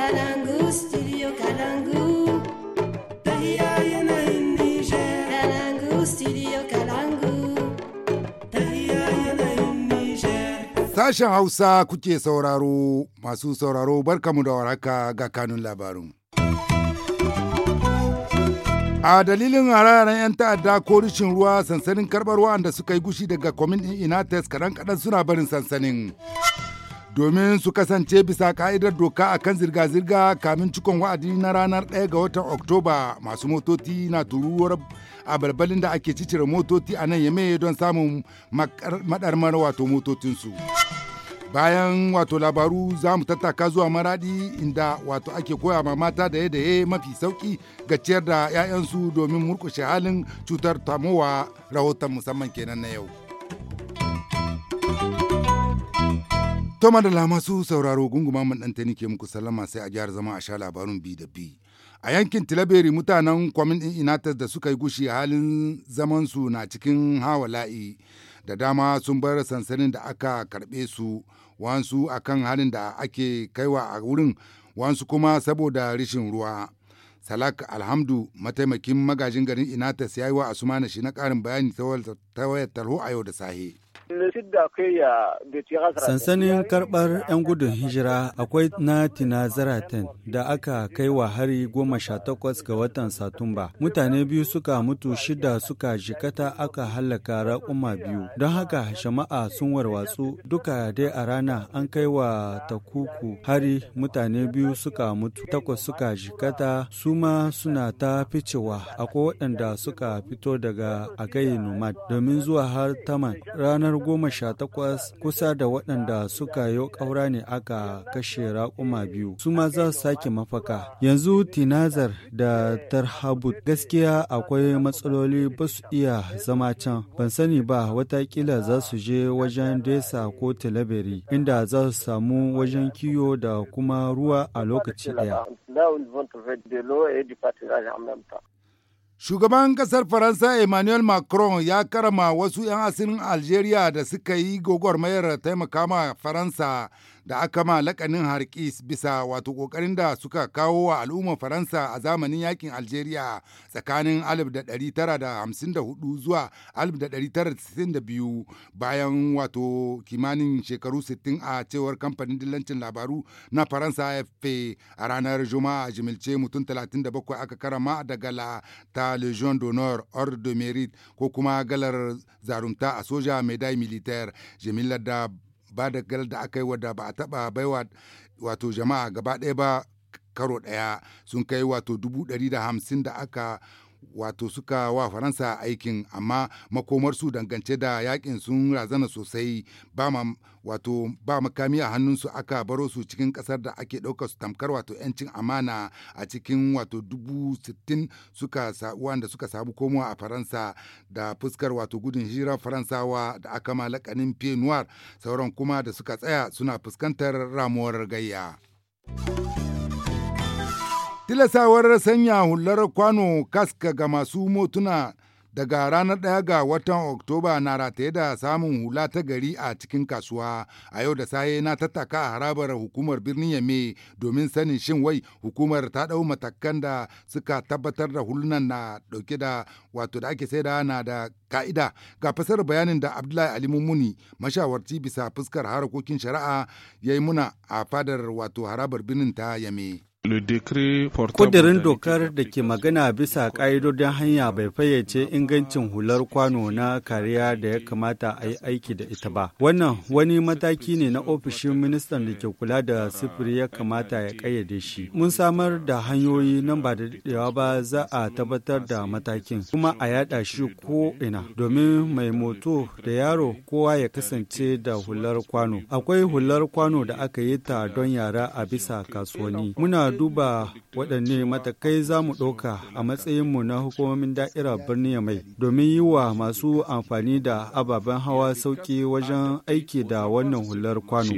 Kalangu, Sashen Hausa kuke sauraro masu sauraro barkamu da warhaka ga kanun labarin. a dalilin hararen 'yan ta'adda ko rishin ruwa sansanin karbar wa'anda suka yi gushi daga kwamitin inates kaɗan-kaɗan suna barin sansanin. domin su kasance bisa ka'idar doka a kan zirga-zirga kamin cikon wa'adi na ranar 1 ga watan oktoba masu motoci na turuwar a balbalin da ake cicire motoci a nan yame don samun madarmar wato motocinsu bayan wato labaru za mu tattaka zuwa maradi inda wato ake koya ma mata da ya mafi sauki ga ciyar da 'ya'yansu domin murkushe halin cutar tamowa rahoton musamman kenan na yau. To madalla masu sauraro gunguma mun ke muku sallama sai a jihar zama a sha labarun bi da bi. A yankin Tilaberi mutanen kwamin ɗin Inatas da suka yi gushi halin zamansu na cikin hawala'i da dama sun bar sansanin da aka karɓe su wansu akan halin da ake kaiwa a wurin wansu kuma saboda rishin ruwa. Salak Alhamdu mataimakin magajin garin Inatas ya yi wa Asumana shi na karin bayani ta ta wayar tarho da sahi. Sansanin karɓar 'yan gudun hijira akwai na Tina da aka kai wa hari goma sha takwas ga watan Satumba. Mutane biyu suka mutu shida suka jikata aka hallaka raƙuma biyu. Don haka shama'a sun warwatsu duka dai a rana an kai wa takuku hari mutane biyu suka mutu takwas suka jikata su ma suna ta ficewa akwai waɗanda suka fito daga agayi nomad domin domin zuwa har taman ranar goma sha takwas kusa da waɗanda suka yi ƙaura ne aka kashe raƙuma biyu su ma za su sake mafaka yanzu tinazar da tarhabut gaskiya akwai matsaloli ba su iya zama can ban sani ba watakila za su je wajen desa ko talabari inda za su samu wajen kiyo da kuma ruwa a lokaci ɗaya. Shugaban kasar Faransa Emmanuel Macron ya karama wasu 'yan asirin Algeria da suka yi mayar taimaka ma Faransa da aka ma lakanin harkis bisa wato kokarin da suka kawo wa al'ummar faransa a zamanin yakin algeria tsakanin 1954 zuwa 1962 bayan wato kimanin shekaru 60 a cewar kamfanin dillancin labaru na faransa afp a ranar juma'a jimilce mutum 37 aka karama da gala ta legion d'honneur or de mérite ko kuma galar zarumta a soja mai militaire jimillar da ba da gal da aka yi wadda ba a taba baiwa wato jama'a gaba ɗaya ba karo ɗaya sun kai wato dubu ɗari da hamsin da aka wato suka wa faransa aikin amma makomarsu dangance da yakin sun razana sosai ba ma wato ba makami a hannunsu aka baro su cikin kasar da ake ɗaukar su tamkar wato 'yancin amana a cikin wato dubu sittin suka wanda suka sabu komowa a faransa da fuskar wato gudun hijirar faransawa da aka malakanin pied noir sauran kuma da suka tsaya suna fuskantar ramuwar gayya. tilasawar sanya hular kwano kaska ga masu motuna daga ranar ɗaya ga watan oktoba na rataye da samun hula ta gari a cikin kasuwa a yau da saye na tattaka a harabar hukumar birnin yame domin sanin shin wai hukumar ta ɗau matakan da suka tabbatar da hulunan na ɗauke da wato da ake saida na da ka'ida ga fasar bayanin da abdullahi ali mummuni mashawarci bisa fuskar harakokin shari'a ya yi muna a fadar wato harabar birnin ta yame Kudirin dokar da ke magana bisa ƙa'idodin hanya bai fayyace ingancin hular kwano na kariya da ya kamata a yi aiki da ita ba. Wannan wani mataki ne na ofishin ministan da ke kula da sifiri ya kamata ya ƙayyade shi. Mun samar da hanyoyi nan ba da daɗewa ba za a tabbatar da matakin kuma a yaɗa shi ko ina domin mai moto da yaro kowa ya kasance da hular kwano. Akwai hular kwano da aka yi ta don yara a bisa kasuwanni. Muna duba waɗanne matakai za mu ɗauka a matsayinmu na hukumomin da'ira birnin ya mai domin yi wa masu amfani da ababen hawa sauki wajen aiki da wannan hular kwano.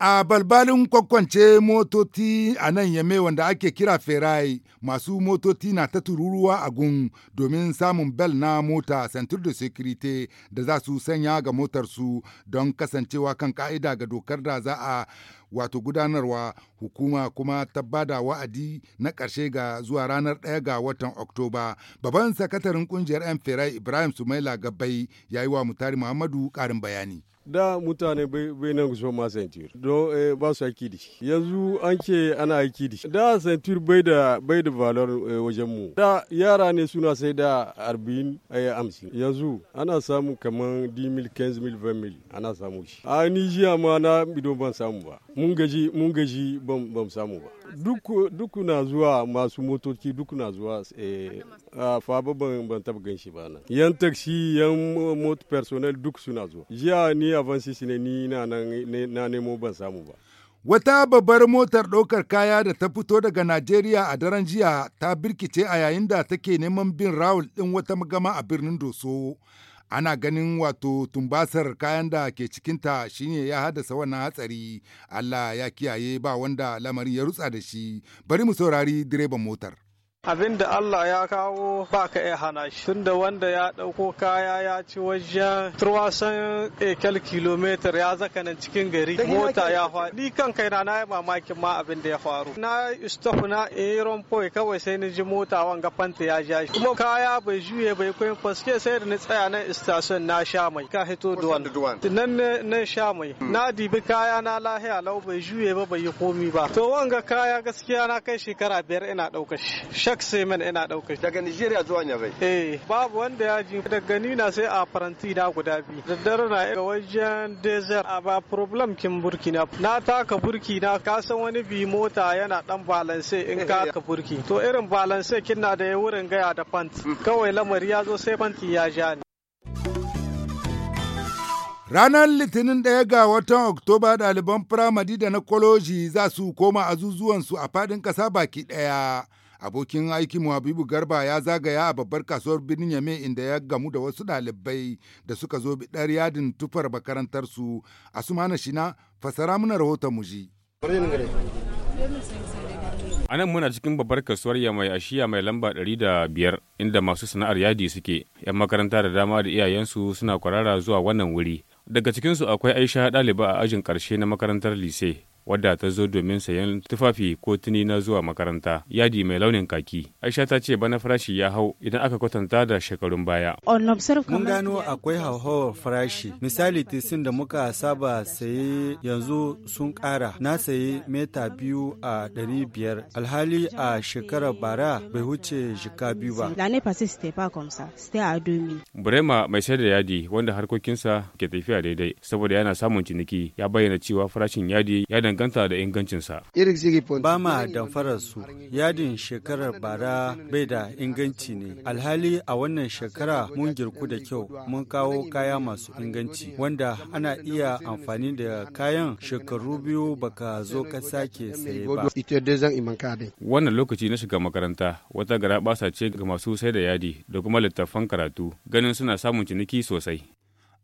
A balbalin kwakwance motoci a nan yame wanda ake kira ferai masu motoci na ta tururuwa a gun domin samun bel na mota santur de securite da za su sanya ga motarsu don kasancewa kan ka'ida ga dokar da za a wato gudanarwa hukuma kuma ta bada wa'adi na ƙarshe ga zuwa ranar 1 ga watan Oktoba. Babban sakataren kungiyar 'yan Ferai Ibrahim Sumaila Gabbai ya yi wa Mutari Muhammadu ƙarin bayani. da mutane bai nan gushon ma sentir don eh, ba su aiki da shi yanzu an ce ana aiki da shi da sentir bai da bai da valor eh, wajen mu da yara ne suna sai da arba'in eh, amsi yanzu ana samu kaman 10 mil 15 mil 20 mil ana samu shi a nijiya ma na bidon ban samu ba mun gaji mun gaji bam samu ba duk na zuwa masu motoci duk na zuwa eh, fa ba ban ban taba ganshi ba nan yan taxi yan mot personnel duk suna zuwa jiya ni avansi ne ni na nan na nemo ban samu ba Wata babbar motar ɗaukar kaya da ta fito daga Najeriya a daren jiya ta birkice a yayin da take neman bin rawul ɗin wata magama a birnin Doso. ana ganin wato tumbasar kayan da ke cikinta shine ya haddasa wannan hatsari Allah ya kiyaye ba wanda lamarin ya rutsa da shi bari mu saurari direban motar abin da Allah ya kawo ba ka iya hana shi tunda wanda ya ɗauko kaya ya ci wajen turwasan ekel kilometer ya zaka nan cikin gari mota ya faru. ni kan kai na yi mamakin ma abin da ya faru na istafu na iron kawai sai ni ji mota wanga fanta ya ja shi kuma kaya bai juye bai koyi faske sai da ni tsaya na istashen na sha mai ka hito duwan nan nan sha mai hmm. na dibi kaya na lahiya lau bai juye ba bai yi komi ba to wanga kaya gaskiya na kai shekara biyar ina ɗaukar shi Oxymen ina ɗaukar Daga Nigeria zuwa bai. Eh babu wanda ya ji daga ni na sai a faranti na guda biyu. Daddare na ga wajen desert a ba problem kin burkina. Na taka burkina ka san wani bi mota yana dan balance in ka ka burki. To irin balance kin na da ya wurin gaya da pant. Mm. Kawai lamari ya zo sai fanti ya ja ni. Ranar Litinin ɗaya ga watan Oktoba ɗaliban firamadi da na koloji za su koma azuzuwansu a fadin ƙasa baki ɗaya. Abokin aiki Habibu Garba ya zagaya a babbar kasuwar birnin Yame inda ya gamu da wasu ɗalibai da suka zo biɗar yadin tufar makarantarsu. mana Shina fasara muna rahoton mu ji. A nan muna cikin babbar kasuwar Yamai a shiya mai lamba ɗari da biyar inda masu sana'ar yadi suke. 'Yan makaranta da dama da iyayensu suna kwarara zuwa wannan wuri. Daga cikinsu akwai Aisha ɗaliba a ajin ƙarshe na makarantar lise wadda ta zo domin sayan tufafi ko tuni na zuwa makaranta yadi mai launin kaki aisha ta ce bana farashi ya hau idan aka kwatanta da shekarun baya mun gano akwai hauhawar farashi misali tisin da muka saba saye yanzu sun kara. na sayi meta biyu a ɗari biyar alhali a shekarar bara bai wuce jika biyu ba burema mai sayar da yadi wanda harkokinsa ke tafiya daidai saboda yana samun ciniki ya bayyana cewa farashin yadi ya danganta da ingancinsa. Ba ma damfarar su yadin shekarar bara bai da inganci ne. Alhali a wannan shekara mun girku da kyau mun kawo kaya masu inganci wanda ana iya amfani da kayan shekaru biyu baka zo ka sake saye ba. Wannan lokaci na shiga makaranta wata gara ce ga masu sai da yadi da kuma littattafan karatu ganin suna samun ciniki sosai.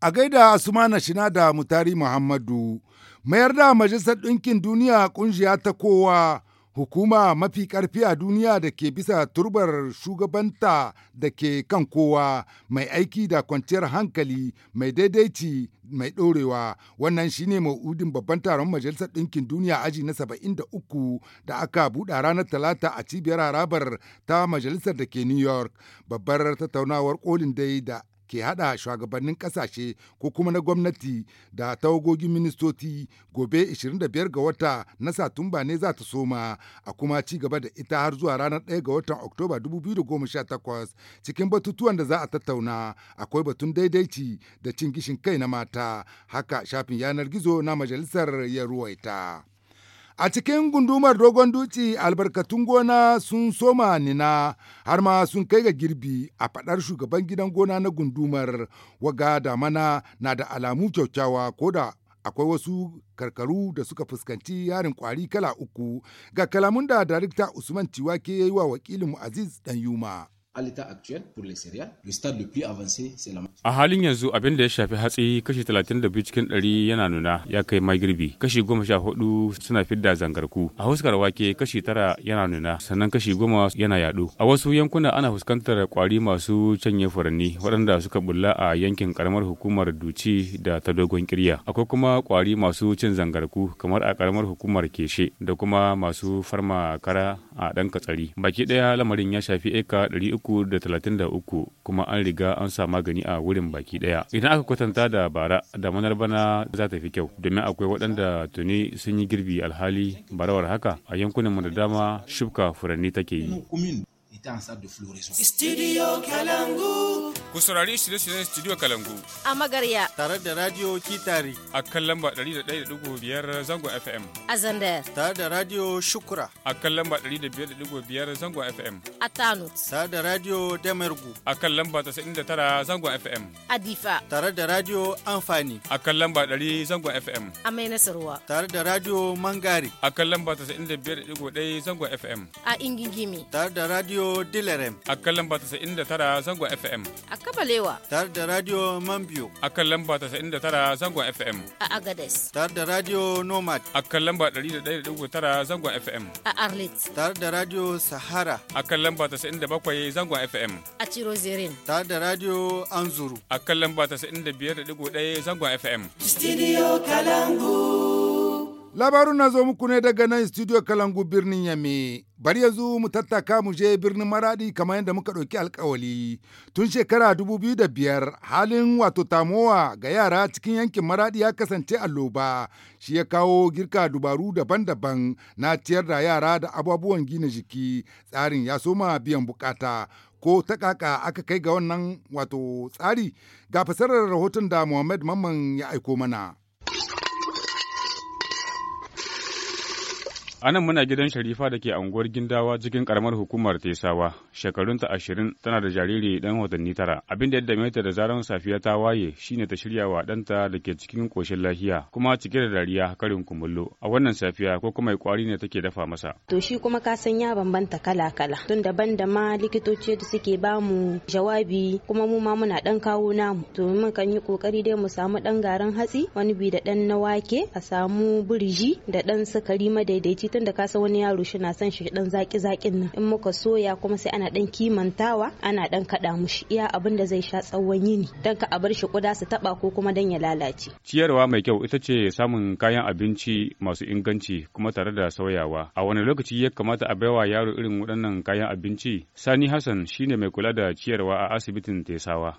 A gaida Asumana Shina da Mutari Muhammadu, mayar da Majalisar Ɗinkin Duniya ƙungiya ta kowa hukuma mafi ƙarfi a duniya da ke bisa turbar shugabanta da ke kan kowa mai aiki da kwanciyar hankali mai daidaici mai ɗorewa wannan shine ma'udin babban taron majalisar ɗinkin duniya aji na 73 da aka buɗa ranar talata a cibiyar harabar ta majalisar da ke new york babbar tattaunawar kolin dai da ke haɗa shugabannin ƙasashe ko kuma na gwamnati da tawagogin ministoci gobe 25 ga wata na Satumba ne za ta soma a kuma ci gaba da ita har zuwa ranar 1 ga watan Oktoba 2018 cikin batutuwan da za a tattauna akwai batun daidaici da cin gishin kai na mata haka shafin yanar gizo na majalisar ya ruwaita. A cikin gundumar dogon duci albarkatun gona sun soma nina har ma sun kai ga girbi a faɗar shugaban gidan gona na gundumar waga da mana na da alamu kyaukyawa ko da akwai wasu karkaru da suka fuskanci yarin kwari kala uku ga kalamun da darakta Usman Tiwake ya yi wa wakilin Aziz Danyuma. A halin yanzu abin da ya shafi hatsi kashi 32 cikin 100 yana nuna ya kai girbi kashi 14 suna fidda zangarku, a huskar wake kashi 9 yana nuna sannan kashi 10 yana yadu. A wasu yankuna ana fuskantar kwari masu canye furanni waɗanda suka bulla a yankin karamar hukumar Duci da ta dogon kirya. Akwai kuma kwari masu cin zangarku kamar a karamar hukumar Keshe da kuma masu farma kara a ɗan katsari. Baki ɗaya lamarin ya shafi eka 300 333 kuma an riga an sa magani a wurin baki daya idan aka kwatanta da bara damanar bana za ta fi kyau domin akwai waɗanda tuni sun yi girbi alhali barawar haka a mu da dama shubka furanni take yi Studio Kalangu. Ku saurari shirye-shiryen Studio Kalangu. A Magarya. Tare da Radio Kitari. A kan lamba 101.5 Zango FM. A zandar. Tare da Radio Shukura. A kan lamba 105.5 Zango FM. A Tano. Tare da Radio Damergu. A kan lamba 99 Zango FM. A Difa. Tare da Radio Amfani. A kan lamba 100 Zango FM. A Mai Nasarwa. Tare da Radio Mangari. A kan lamba 95.1 Zango FM. A Ingigimi. Tare da Radio Dilerem. A kan lamba 99 Zango FM. Kabalewa. Tare da Radio Mambio. A kan lamba tara zangon FM. A Agades. Tare da Radio Nomad. A kan lamba tara zangon FM. A Arlit. Tare da Radio Sahara. A kan lamba 97 zangon FM. A zirin. Tare da Radio Anzuru. A kan lamba 95.1 zangon FM. Studio Kalangu. Labarun na zo muku ne daga nan studio Kalangu birnin Yame. Bari yanzu mu tattaka mu je birnin Maradi kamar yadda muka ɗauki alkawali. Tun shekara dubu biyu da biyar halin wato tamowa ga yara cikin yankin Maradi ya kasance alloba. Shi ya kawo girka dubaru daban-daban na ciyar da yara da abubuwan gina jiki. Tsarin ya soma biyan bukata. ko ta kaka aka kai ga wannan wato tsari ga fasarar rahoton da Muhammad Mamman ya aiko mana. A nan muna gidan Sharifa da ke anguwar Gindawa cikin karamar hukumar Tesawa, shekarunta ashirin tana da jariri dan watanni tara. Abin da ya dame ta da zaran safiya ta waye shine ta shirya wa ɗanta da ke cikin ƙoshin lafiya kuma cike da dariya karin kumullo. A wannan safiya ko kuma kwari ne take dafa masa. To shi kuma ka san ya bambanta kala-kala tun daban da ma likitoci da suke ba mu jawabi kuma mu ma muna ɗan kawo namu. To mun kan yi ƙoƙari dai mu samu ɗan garin hatsi wani bi da ɗan na wake a samu burji da ɗan sukari madaidaici tunda kasa kasa wani yaro shi na son shi dan zaki zakin nan in muka soya kuma sai ana dan kimantawa ana dan kada mushi iya abin da zai sha tsawon yini dan ka a bar shi kuda su taba ko kuma dan ya lalace ciyarwa mai kyau ita ce samun kayan abinci masu inganci kuma tare da sauyawa a wani lokaci ya kamata a baiwa yaro irin waɗannan kayan abinci sani hassan shine mai kula da ciyarwa a asibitin tesawa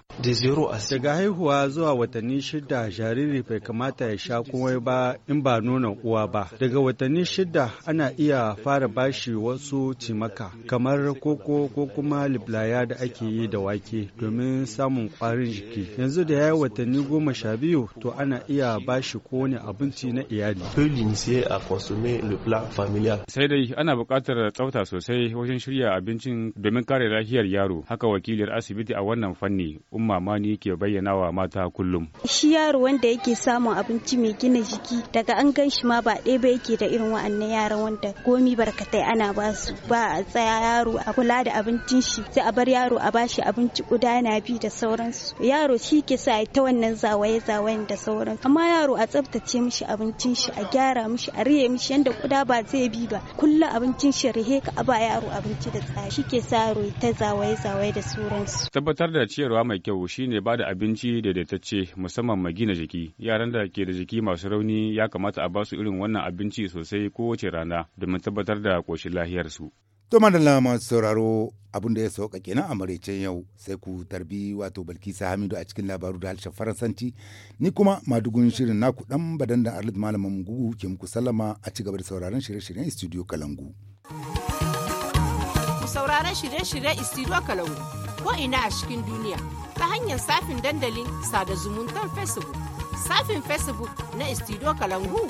daga haihuwa zuwa watanni shida jariri bai kamata ya sha komai ba in ba nuna uwa ba daga watanni shida ana iya fara bashi wasu cimaka kamar koko ko kuma liblaya da ake yi da wake domin samun kwarin jiki. Yanzu da ya yi watanni goma sha biyu to ana iya bashi kowane abinci na iyali. Sai dai ana buƙatar tsafta sosai wajen shirya abincin domin kare lafiyar yaro. Haka wakiliyar asibiti a wannan fanni Umma Mani ke bayyana wa mata kullum. Shi yaro wanda yake samun abinci mai gina jiki daga an gan shi ma ba ɗaya ba yake da irin wa'annan yaro. yaran wanda komi barkatai ana ba su ba a tsaya yaro a kula da abincin shi sai a bar yaro a bashi abinci na bi da sauransu yaro shi ke sa ta wannan zawaye zawayen da sauran amma yaro a tsabtace mishi abincin shi a gyara mishi a riye mishi yanda kuda ba zai bi ba kullum abincin shi rihe ka ba yaro abinci da tsaya shi ke sa yaro ta zawaye zawaye da sauransu tabbatar da ciyarwa mai kyau shine ba da abinci daidaitacce musamman mai gina jiki yaran da ke da jiki masu rauni ya kamata a ba su irin wannan abinci sosai kowace rana domin tabbatar da ƙoshin lahiyarsu. To madalla masu sauraro abin da ya sauka kenan a maraicen yau sai ku tarbi wato Balkisa Hamidu a cikin labaru da harshen Faransanci ni kuma madugun shirin naku dan badan da Arlid Malamin Gugu ke muku sallama a cigaba da sauraron shirye-shiryen Studio Kalangu. Ku sauraron shirye-shiryen Studio Kalangu ko ina a cikin duniya ta hanyar safin dandalin sada zumuntar Facebook. Safin Facebook na Studio Kalangu